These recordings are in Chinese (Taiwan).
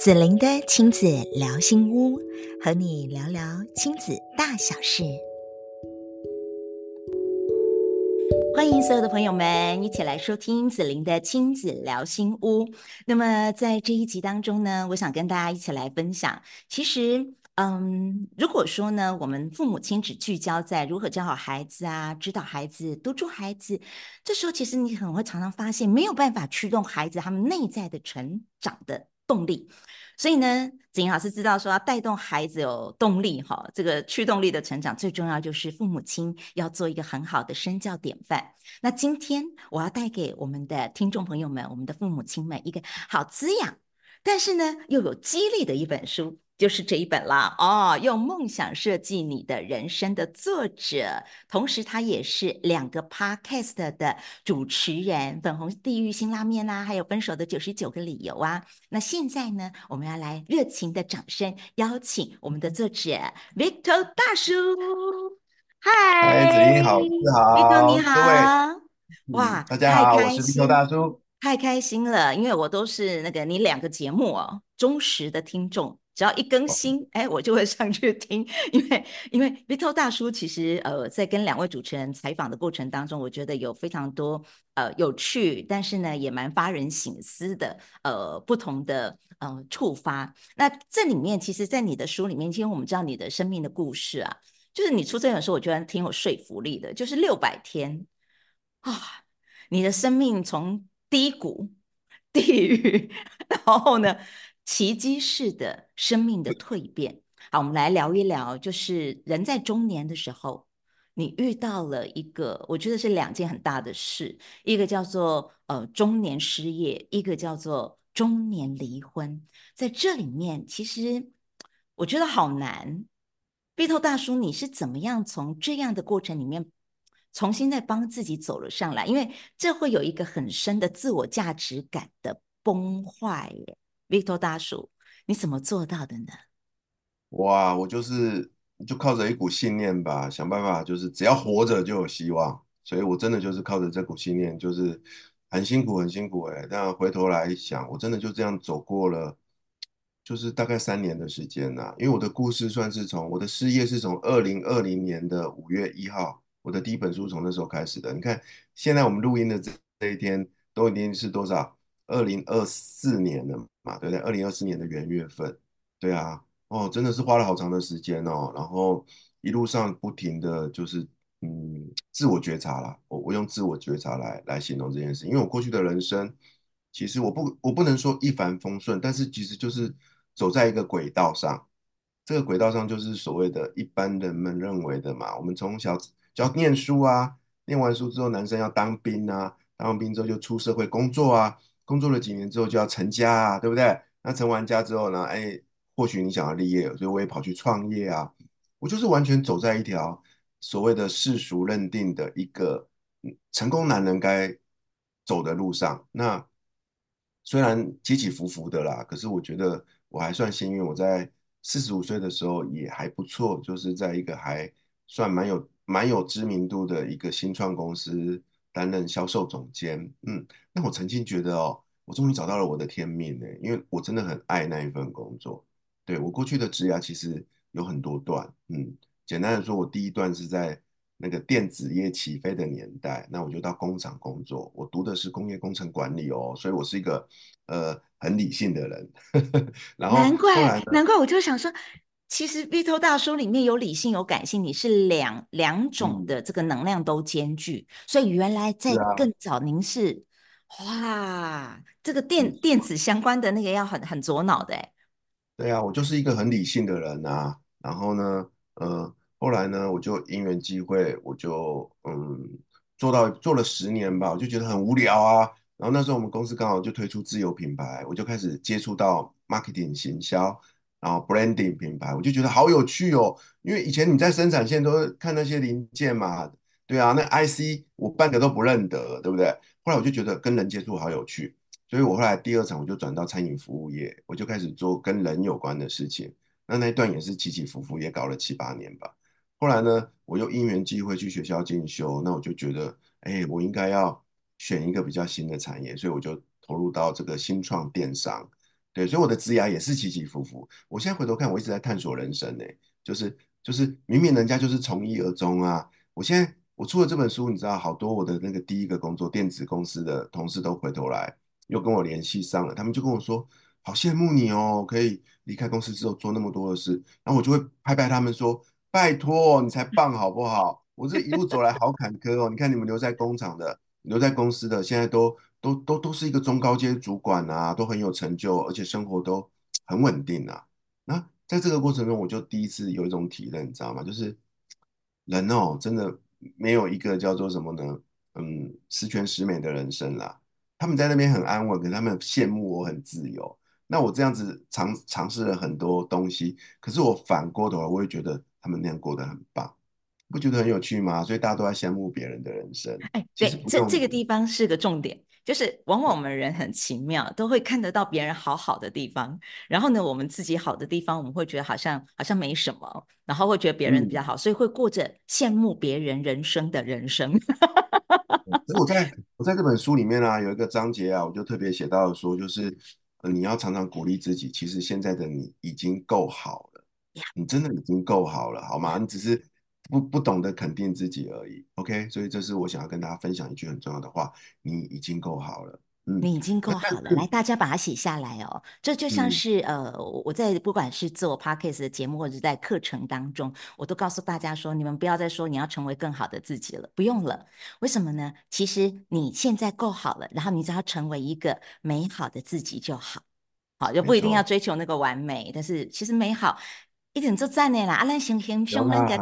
子玲的親子聊心屋，和你聊聊親子大小事。歡迎所有的朋友們一起來收聽子玲的親子聊心屋。那麼，在這一集當中呢，我想跟大家一起來分享。其實，嗯，如果說呢，我們父母親只聚焦在如何教好孩子啊，指導孩子、督促孩子，這時候其實你很會常常發現，沒有辦法驅動孩子他們內在的成長的。動力，所以呢，子玲老師知道說，要帶動孩子有動力哈，這個驅動力的成長最重要就是父母親要做一個很好的身教典範。那今天我要帶給我們的聽眾朋友們、我們的父母親們一個好滋養。但是呢，又有激勵的一本書就是這一本了哦。用夢想設計你的人生的作者，同時他也是兩個 podcast 的主持人，《粉紅地獄》、《新拉麵》啊，還有《分手的九十九個理由》啊。那現在呢，我們要來熱情的掌聲，邀請我們的作者 Vito 大叔。Hi, 嗨，你好，你好，Vito 你好，各位，嗯、哇，大家好，我是 Vito 大叔。太開心了，因為我都是那個你兩個節目哦，忠實的聽眾，只要一更新，哎、oh.，我就會上去聽。因為因為 Vito 大叔其實呃，在跟兩位主持人採訪的過程當中，我覺得有非常多呃有趣，但是呢也蠻發人省思的呃不同的嗯、呃、觸發。那這裡面其實，在你的書裡面，今天我們知道你的生命的故事啊，就是你出這本書，我覺得挺有說服力的，就是六百天啊、哦，你的生命從。低谷、地獄，然後呢，奇蹟式的生命的蛻變。好，我們來聊一聊，就是人在中年的時候，你遇到了一個，我覺得是兩件很大的事，一個叫做呃中年失業，一個叫做中年離婚。在這裡面，其實我覺得好難。Vito 大叔，你是怎麼樣從這樣的過程裡面，重新再幫自己走了上來，因為這會有一個很深的自我價值感的崩壞耶。Vito 大叔，你怎麼做到的呢？哇，我就是就靠着一股信念吧，想辦法就是只要活着就有希望，所以我真的就是靠着這股信念，就是很辛苦很辛苦哎、欸。但回頭來想，我真的就這樣走過了，就是大概三年的時間吶。因為我的故事算是從我的事業是從二零二零年的五月一號。我的第一本書從那時候開始的。你看，現在我們錄音的這這一天，都已經是多少？二零二四年了嘛，對不對？二零二四年的元月份，對啊，哦，真的是花了好長的時間哦。然後一路上不停的就是，嗯，自我覺察啦。我我用自我覺察來來形容這件事，因為我過去的人生，其實我不我不能說一帆風順，但是其實就是走在一個軌道上。這個軌道上就是所謂的一般人們認為的嘛，我們從小。要念書啊，念完書之後，男生要當兵啊，當完兵之後就出社會工作啊，工作了幾年之後就要成家啊，對不對？那成完家之後呢？誒，或許你想要立業，所以我也跑去創業啊。我就是完全走在一條所謂的世俗認定的一個成功男人該走的路上。那雖然起起伏伏的啦，可是我覺得我還算幸運。我在四十五歲的時候也還不錯，就是在一個還算蠻有蠻有知名度的一個新創公司擔任銷售總監，嗯，那我曾經覺得哦，我終於找到了我的天命呢，因為我真的很愛那一份工作。對，我過去的職涯其實有很多段，嗯，簡單的說，我第一段是在那個電子業起飛的年代，那我就到工廠工作。我讀的是工業工程管理哦，所以我是一個呃很理性的人。 然後，後來呢，難怪難怪，我就想說。其實 Vito 大叔裡面有理性，有感性，你是兩兩種的這個能量都兼具，嗯、所以原來在更早您是，是、啊、哇，這個電電子相關的那個要很很左腦的哎、欸，對啊，我就是一個很理性的人啊，然後呢，呃，後來呢我就因緣際會，我就嗯做到做了十年吧，我就覺得很無聊啊，然後那時候我們公司剛好就推出自有品牌，我就開始接觸到 marketing 行銷。然後 branding 品牌，我就覺得好有趣哦，因為以前你在生產線都是看那些零件嘛，對啊，那 IC 我半個都不認得，對不對？後來我就覺得跟人接觸好有趣，所以我後來第二場我就轉到餐飲服務業，我就開始做跟人有關的事情。那那一段也是起起伏伏，也搞了七八年吧。後來呢，我又因緣機會去學校進修，那我就覺得，哎，我應該要選一個比較新的產業，所以我就投入到這個新創電商。對，所以我的職涯也是起起伏伏。我現在回頭看，我一直在探索人生呢、欸，就是就是明明人家就是從一而終啊。我現在我出了這本書，你知道，好多我的那個第一個工作電子公司的同事都回頭來又跟我聯繫上了，他們就跟我說，好羨慕你哦、喔，可以離開公司之後做那麼多的事。然後我就會拍拍他們說，拜託你才棒好不好？我這一路走來好坎坷哦、喔， 你看你們留在工廠的。留在公司的現在都都都都是一個中高階主管啊，都很有成就，而且生活都很穩定啊。那、啊、在這個過程中，我就第一次有一種體認，你知道嗎？就是人哦，真的沒有一個叫做什麼呢？嗯，十全十美的人生啦。他們在那邊很安穩，可是他們羨慕我很自由。那我這樣子嘗嘗試了很多東西，可是我反過頭來，我也覺得他們那樣過得很棒。不覺得很有趣嗎？所以大家都在羨慕別人的人生。哎，對，這這個地方是個重點，就是往往我們人很奇妙，嗯、都會看得到別人好好的地方。然後呢，我們自己好的地方，我們會覺得好像好像沒什麼，然後會覺得別人比較好，嗯、所以會過着羨慕別人人生的人生。我在我在這本書裡面啊，有一個章節啊，我就特別寫到的說，就是、呃、你要常常鼓勵自己，其實現在的你已經夠好了，你真的已經夠好了，好嗎？你只是。不不懂得肯定自己而已，OK？所以這是我想要跟大家分享一句很重要的話：你已經夠好了，嗯，你已經夠好了。是來，大家把它寫下來哦。這就像是、嗯、呃，我在不管是做 podcast 的節目，或者在課程當中，我都告訴大家說：你們不要再說你要成為更好的自己了，不用了。為什麼呢？其實你現在夠好了，然後你只要成為一個美好的自己就好，好，就不一定要追求那個完美。錯但是其實美好一點就贊呢啦，阿蘭行行行，人家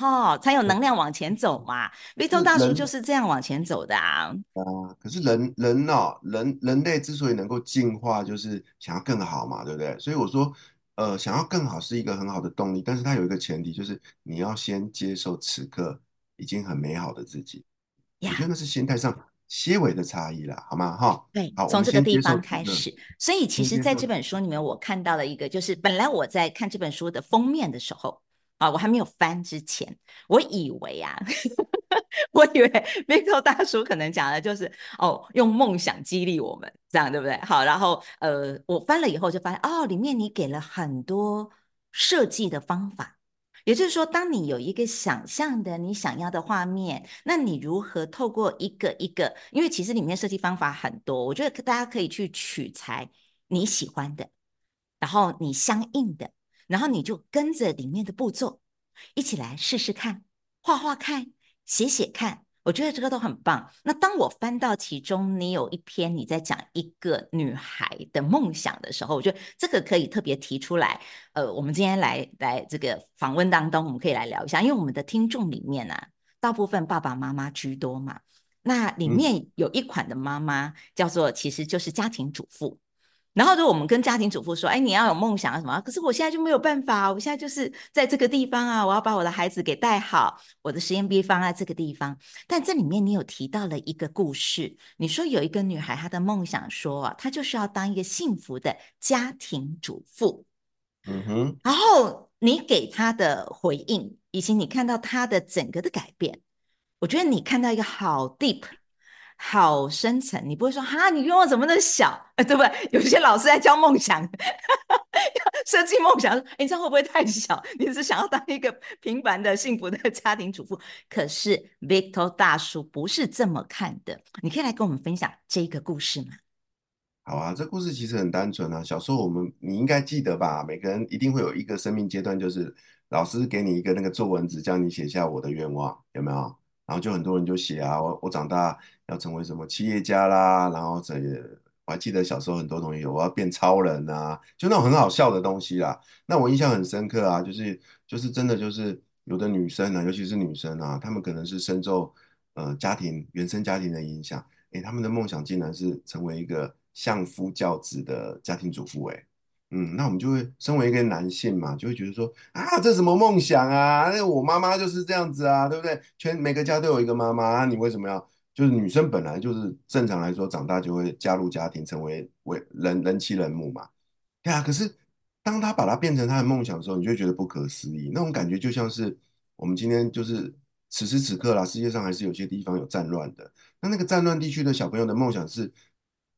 哦，才有能量往前走嘛。Vito< 對>大叔就是這樣往前走的啊。啊、呃，可是人，人哦，人，人類之所以能夠進化，就是想要更好嘛，對不對？所以我說，呃，想要更好是一個很好的動力，但是它有一個前提，就是你要先接受此刻已經很美好的自己。呀我覺得那是心態上些微的差異了，好嗎？哈，對，好從這個地方、這個、開始。所以，其實在這本書裡面，我看到了一個，就是本來我在看這本書的封面的時候。啊，我還沒有翻之前，我以為啊，呵呵我以為 Vito 大叔可能講的就是哦，用夢想激勵我們，這樣對不對？好，然後呃，我翻了以後就發現哦，裡面你給了很多設計的方法，也就是說，當你有一個想象的你想要的畫面，那你如何透過一個一個，因為其實裡面設計方法很多，我覺得大家可以去取材你喜歡的，然後你相應的。然後你就跟着裡面的步驟一起來試試看，畫畫看，寫寫看，我覺得這個都很棒。那當我翻到其中你有一篇你在講一個女孩的夢想的時候，我覺得這個可以特別提出來。呃，我們今天來來這個訪問當中，我們可以來聊一下，因為我們的聽眾裡面呢、啊，大部分爸爸媽媽居多嘛。那裡面有一款的媽媽叫做，其實就是家庭主婦。然後，我們跟家庭主婦說：“哎，你要有夢想啊，什麼？”可是我現在就沒有辦法，我現在就是在這個地方啊，我要把我的孩子給帶好，我的實驗被放在這個地方。但這裡面你有提到了一個故事，你說有一個女孩，她的夢想說啊，她就是要當一個幸福的家庭主婦。嗯哼。然後你給她的回應，以及你看到她的整個的改變，我覺得你看到一個好 deep。好深沉，你不會說哈，你願望怎麼那麼小啊、欸？對不對？有些老師在教夢想，呵呵設計夢想，哎，這樣會不會太小？你只是想要當一個平凡的幸福的家庭主婦？可是 Vito 大叔不是這麼看的。你可以來跟我們分享這個故事嗎？好啊，這故事其實很單純啊。小時候我們你應該記得吧？每個人一定會有一個生命階段，就是老師給你一個那個作文紙，叫你寫下我的願望，有沒有？然後就很多人就寫啊，我我長大要成為什麼企業家啦，然後這我還記得小時候很多同學，我要變超人啊，就那種很好笑的東西啦。那我印象很深刻啊，就是就是真的就是有的女生呢、啊，尤其是女生啊，她們可能是深受呃家庭原生家庭的影響，哎、欸，他們的夢想竟然是成為一個相夫教子的家庭主婦哎、欸。嗯，那我們就會身為一個男性嘛，就會覺得說啊，這什麼夢想啊？那我媽媽就是這樣子啊，對不對？全每個家都有一個媽媽，你為什麼要？就是女生本來就是正常來說長大就會加入家庭，成為為人人妻人，人母嘛。對啊，可是當她把它變成她的夢想的時候，你就會覺得不可思議。那種感覺就像是我們今天就是此時此刻啦，世界上還是有些地方有戰亂的。那那個戰亂地區的小朋友的夢想是。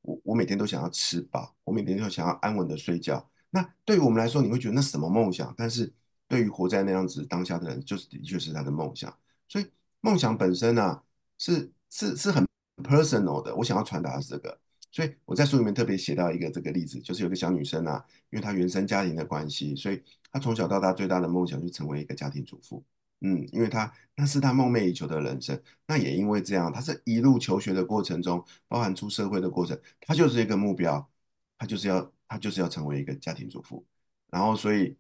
我我每天都想要吃飽，我每天都想要安穩的睡覺。那對於我們來說，你會覺得那是什麼夢想？但是對於活在那樣子當下的人，就是的確是他的夢想。所以夢想本身呢、啊，是是是很 personal 的。我想要傳達的是這個。所以我在書裡面特別寫到一個這個例子，就是有個小女生啊，因為她原生家庭的關係，所以她從小到大最大的夢想就成為一個家庭主婦。嗯，因為他那是他夢寐以求的人生，那也因為這樣，他是一路求學的過程中，包含出社會的過程，他就是一個目標，他就是要他就是要成為一個家庭主婦，然後所以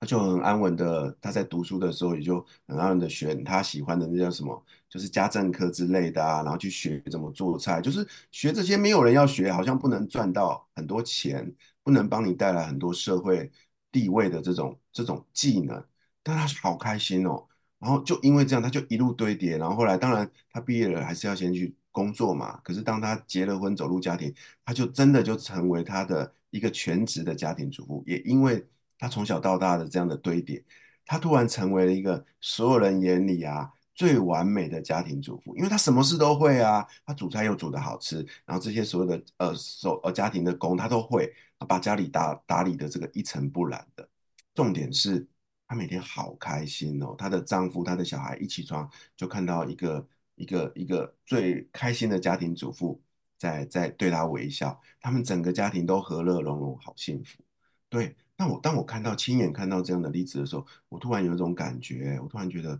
他就很安穩的，他在讀書的時候也就很安穩的學他喜歡的那叫什麼，就是家政科之類的啊，然後去學怎麼做菜，就是學這些沒有人要學，好像不能賺到很多錢，不能幫你帶來很多社會地位的這種這種技能。但他好開心哦，然後就因為這樣，他就一路堆疊，然後後來當然他畢業了，還是要先去工作嘛。可是當他結了婚，走入家庭，他就真的就成為他的一個全職的家庭主婦。也因為他從小到大的這樣的堆疊，他突然成為了一個所有人眼裡啊最完美的家庭主婦，因為他什麼事都會啊，他煮菜又煮的好吃，然後這些所有的呃手呃家庭的工他都會，把家裡打打理的這個一塵不染的。重點是，她每天好開心哦！她的丈夫、她的小孩一起床就看到一個一個一個最開心的家庭主婦在在對她微笑，他們整個家庭都和樂融融，好幸福。對，那我當我看到親眼看到這樣的例子的時候，我突然有一種感覺，我突然覺得，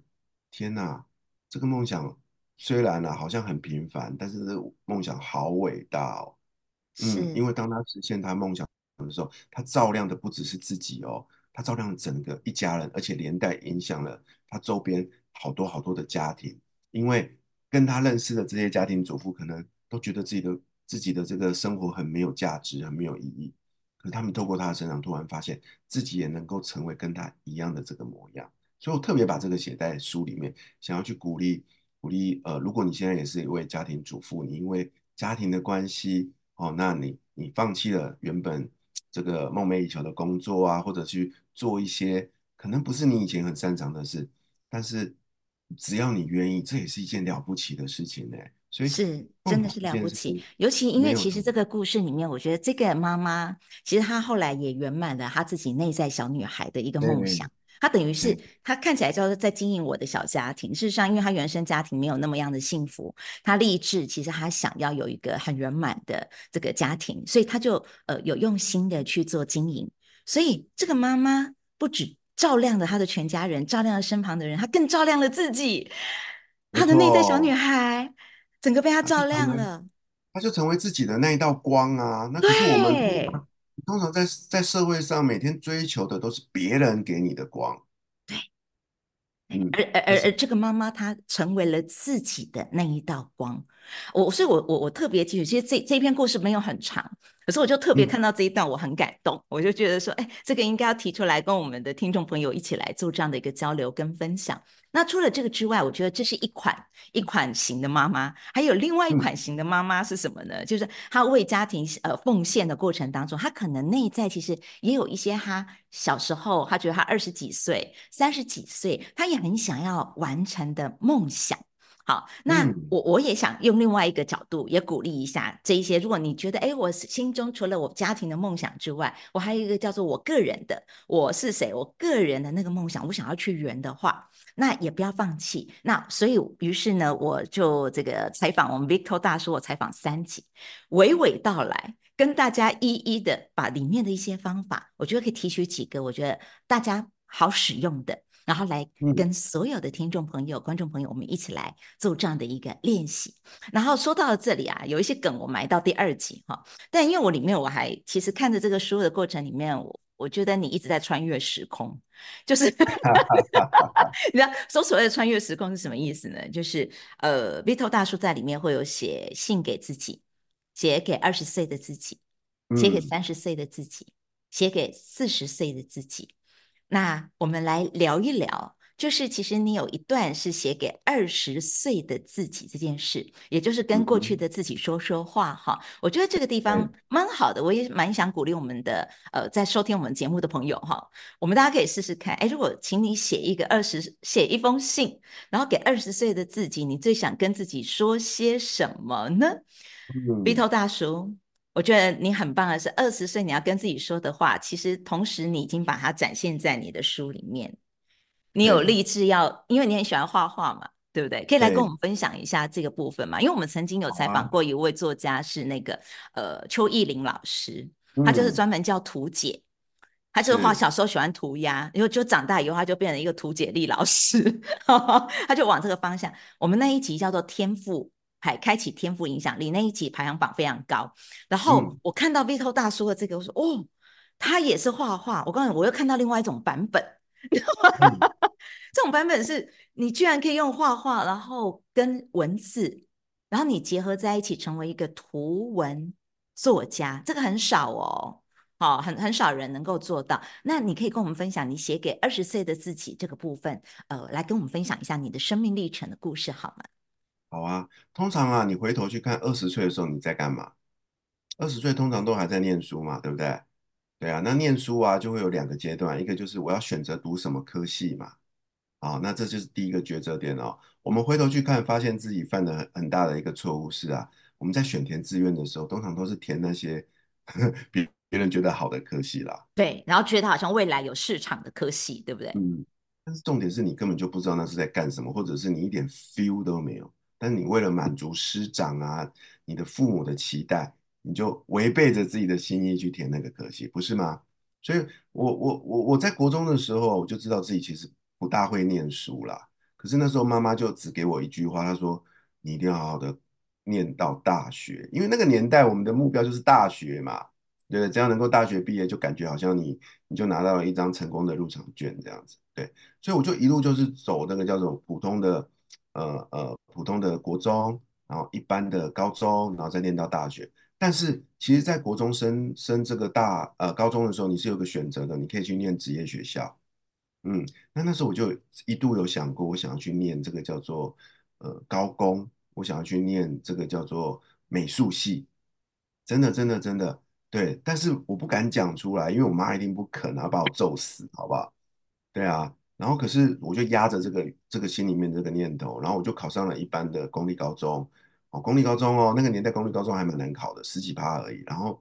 天哪！這個夢想雖然呢、啊、好像很平凡，但是這個夢想好偉大哦。是嗯，因為當他實現他夢想的時候，他照亮的不只是自己哦。他照亮整個一家人，而且連帶影響了他周邊好多好多的家庭，因為跟他認識的這些家庭主婦，可能都覺得自己的自己的這個生活很沒有價值，很沒有意義。可是他們透過他的成長，突然發現自己也能夠成為跟他一樣的這個模樣。所以我特別把這個寫在書裡面，想要去鼓勵鼓勵。呃，如果你現在也是一位家庭主婦，你因為家庭的關係，哦，那你你放棄了原本。這個夢寐以求的工作啊，或者去做一些可能不是你以前很擅長的事，但是只要你願意，這也是一件了不起的事情呢、欸。所以是真的是了不起，嗯、尤其因為其實這個故事裡面，我覺得這個媽媽其實她後來也圓滿了她自己內在小女孩的一個夢想。她等於是，她看起來就是在經營我的小家庭。嗯、事實上，因為她原生家庭沒有那麼樣的幸福，她立志其實她想要有一個很圓滿的這個家庭，所以她就呃有用心的去做經營。所以這個媽媽不止照亮了她的全家人，照亮了身旁的人，她更照亮了自己，哦、她的內在小女孩整個被她照亮了。她就成為自己的那一道光啊！那就是我們。通常在在社會上，每天追求的都是別人給你的光，嗯。對，而而而而這個媽媽她成為了自己的那一道光。我我。我所以，我我我特別記住，其實，這這篇故事沒有很長。所以我就特別看到這一段，我很感動。嗯、我就覺得說，哎、欸，這個應該要提出來，跟我們的聽眾朋友一起來做這樣的一個交流跟分享。那除了這個之外，我覺得這是一款一款型的媽媽，還有另外一款型的媽媽是什麼呢？嗯、就是她為家庭呃奉獻的過程當中，她可能內在其實也有一些她小時候，她覺得她二十幾歲、三十幾歲，她也很想要完成的夢想。好，那我我也想用另外一個角度，也鼓勵一下這一些。嗯、如果你覺得，哎，我心中除了我家庭的夢想之外，我還有一個叫做我個人的，我是誰？我個人的那個夢想，我想要去圓的話，那也不要放棄。那所以，於是呢，我就這個採訪我們 Vito 大叔，我採訪三集，娓娓道來，跟大家一一的把裡面的一些方法，我覺得可以提取幾個，我覺得大家好使用的。然後來跟所有的聽眾朋友、觀眾朋友，我們一起來做這樣的一個練習。然後說到這裡啊，有一些梗，我埋到第二集哈、哦。但因為我裡面我還其實看着這個書的過程裡面，我我覺得你一直在穿越時空，就是 你知道“所謂的穿越時空”是什麼意思呢？就是呃，Vito 大叔在裡面會有寫信給自己，寫給二十歲的自己，寫給三十歲的自己，寫給四十歲的自己。那我們來聊一聊，就是其實你有一段是寫給二十歲的自己這件事，也就是跟過去的自己說說話哈。我覺得這個地方蠻好的，我也蠻想鼓勵我們的呃在收聽我們節目的朋友哈，我們大家可以試試看。哎，如果請你寫一個二十寫一封信，然後給二十歲的自己，你最想跟自己說些什麼呢？Vito 大叔？我覺得你很棒的是，二十歲你要跟自己說的話，其實同時你已經把它展現在你的書裡面。你有立志要，嗯、因為你很喜歡畫畫嘛，對不對？可以來跟我們分享一下這個部分嘛？嘿因為我們曾經有採訪過一位作家，是那個、啊、呃邱義林老師，他就是專門叫圖解，嗯、他就畫小時候喜歡塗鴉，然是後就長大以後他就變成一個圖解力老師呵呵，他就往這個方向。我們那一集叫做天賦。還開啟天賦影響力那一集排行榜非常高，然後我看到 Vito 大叔的這個，我說哦，他也是畫畫。我剛才我又看到另外一種版本，嗯、 這種版本是你居然可以用畫畫，然後跟文字，然後你結合在一起成為一個圖文作家，這個很少哦，好、哦，很很少人能夠做到。那你可以跟我們分享你寫給二十歲的自己這個部分，呃，來跟我們分享一下你的生命歷程的故事好嗎？好啊，通常啊，你回頭去看二十歲的時候，你在幹嘛？二十歲通常都還在念書嘛，對不對？對啊，那念書啊就會有兩個階段，一個就是我要選擇讀什麼科系嘛。好、啊，那這就是第一個抉擇點哦。我們回頭去看，發現自己犯了很，很大的一個錯誤是啊，我們在選填志願的時候，通常都是填那些別別人覺得好的科系啦。對，然後覺得好像未來有市場的科系，對不對？嗯，但是重點是你根本就不知道那是在幹什麼，或者是你一點 feel 都沒有。但你為了滿足師長啊、你的父母的期待，你就違背着自己的心意去填那個科系，不是嗎？所以，我、我、我、我在國中的時候，我就知道自己其實不大會念書啦。可是那時候媽媽就只給我一句話，她說：“你一定要好好的念到大學。”因為那個年代我們的目標就是大學嘛，對不對？只要能夠大學畢業，就感覺好像你你就拿到了一張成功的入場券這樣子，對。所以我就一路就是走那個叫做普通的。呃呃，普通的國中，然後一般的高中，然後再念到大學。但是其實，在國中升升這個大呃高中的時候，你是有個選擇的，你可以去念職業學校。嗯，那那時候我就一度有想過，我想要去念這個叫做呃高工，我想要去念這個叫做美術系。真的，真的，真的，對。但是我不敢講出來，因為我媽一定不肯，然後把我揍死，好不好？對啊。然後可是我就壓着這個這個心裡面這個念頭，然後我就考上了一般的公立高中哦，公立高中哦，那個年代公立高中還蠻難考的，十幾趴而已。然後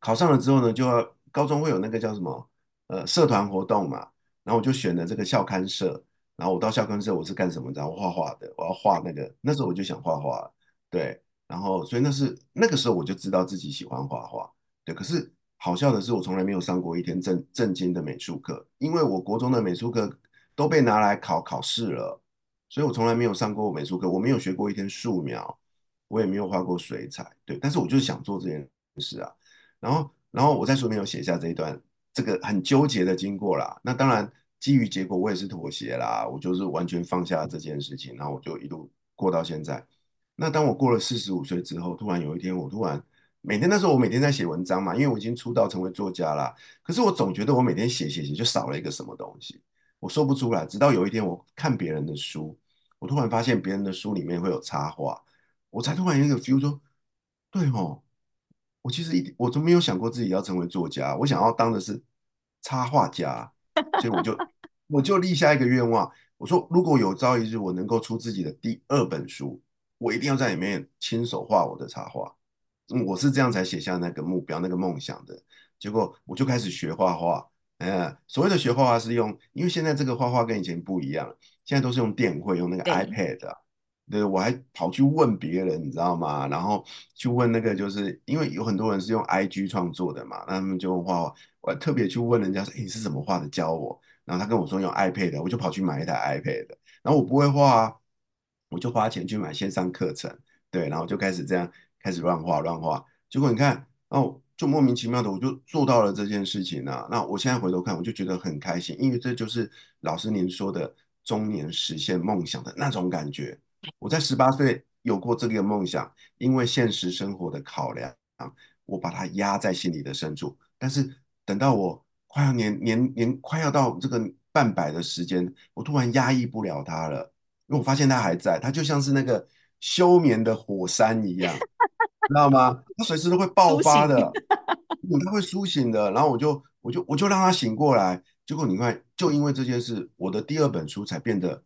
考上了之後呢，就要高中會有那個叫什麼呃社團活動嘛，然後我就選了這個校刊社。然後我到校刊社我是幹什麼的？我畫畫的，我要畫那個那時候我就想畫畫，對。然後所以那是那個時候我就知道自己喜歡畫畫，對。可是。好笑的是，我從來沒有上過一天正正經的美術課，因為我國中的美術課都被拿來考考試了，所以我從來沒有上過美術課，我沒有學過一天素描，我也沒有畫過水彩，對，但是我就是想做這件事啊，然後，然後我在書裡有寫下這一段這個很糾結的經過啦，那當然基於結果，我也是妥協啦，我就是完全放下這件事情，然後我就一路過到現在，那當我過了四十五歲之後，突然有一天，我突然。每天那時候，我每天在寫文章嘛，因為我已經出道成為作家啦，可是我總覺得我每天寫寫寫，就少了一個什麼東西，我說不出來。直到有一天，我看別人的書，我突然發現別人的書裡面會有插畫，我才突然有一個 feel，說，對哦，我其實一點我都沒有想過自己要成為作家，我想要當的是插畫家，所以我就我就立下一個願望，我說如果有朝一日我能夠出自己的第二本書，我一定要在裡面親手畫我的插畫。我是這樣才寫下那個目標、那個夢想的。結果我就開始學畫畫。呃、嗯，所謂的學畫畫是用，因為現在這個畫畫跟以前不一樣，現在都是用電繪，用那個 iPad、嗯。對，我還跑去問別人，你知道嗎？然後去問那個，就是因為有很多人是用 IG 創作的嘛，那他們就畫畫，我還特別去問人家說：“哎、你是怎麼畫的？教我。”然後他跟我說用 iPad，我就跑去買一台 iPad。然後我不會畫，我就花錢去買線上課程。對，然後就開始這樣。開始亂畫亂畫，結果你看，哦，就莫名其妙的我就做到了這件事情了，啊，那我現在回頭看，我就覺得很開心，因為這就是老師您說的中年實現夢想的那種感覺。我在十八歲有過這個夢想，因為現實生活的考量，啊，我把它壓在心裡的深處。但是等到我快要年年年快要到這個半百的時間，我突然壓抑不了它了，因為我發現它還在，它就像是那個。休眠的火山一樣， 知道嗎？它隨時都會爆發的，蘇醒笑嗯、它會甦醒的。然後我就，我就，我就讓它醒過來。結果你看，就因為這件事，我的第二本書才變得，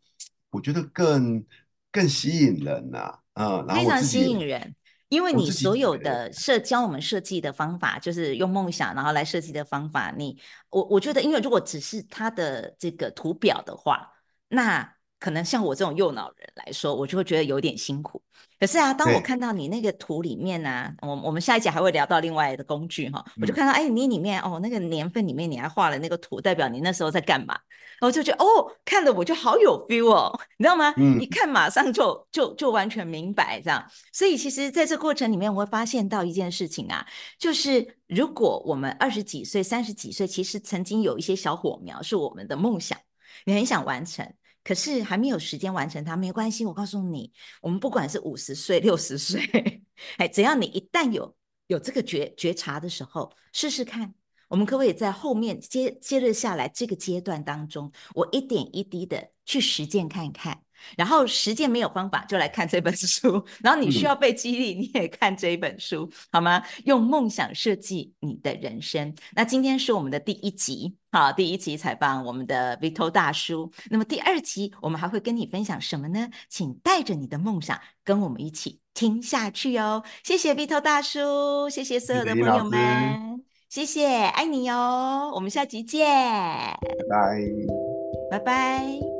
我覺得更更吸引人吶、啊。嗯，非常吸引人，因為你所有的社交我們設計的方法， 就是用夢想然後來設計的方法。你我我覺得，因為如果只是它的這個圖表的話，那。可能像我這種右腦人來說，我就會覺得有點辛苦。可是啊，當我看到你那個圖裡面呢、啊，我、欸、我們下一集還會聊到另外的工具哈。嗯、我就看到，哎、欸，你裡面哦，那個年份裡面你還畫了那個圖，代表你那時候在幹嘛？然後就覺得，哦，看的我就好有 feel 哦，你知道嗎？嗯、你一看馬上就就就完全明白這樣。所以其實在這過程裡面，我會發現到一件事情啊，就是如果我們二十幾歲、三十幾歲，其實曾經有一些小火苗是我們的夢想，你很想完成。可是還沒有時間完成它，沒關係。我告訴你，我們不管是五十歲、六十歲，哎，只要你一旦有有這個覺覺察的時候，試試看，我們可不可以在後面接接着下來這個階段當中，我一點一滴的去實踐看看。然後時間沒有方法，就來看這本書。然後你需要被激勵，你也看這一本書、嗯、好嗎？用夢想設計你的人生。那今天是我們的第一集，好，第一集採訪我們的 Vito 大叔。那麼第二集我們還會跟你分享什麼呢？請帶着你的夢想，跟我們一起聽下去哦。謝謝 Vito 大叔，謝謝所有的朋友們，謝謝，謝謝，愛你喲、哦。我們下集見，拜拜，拜拜。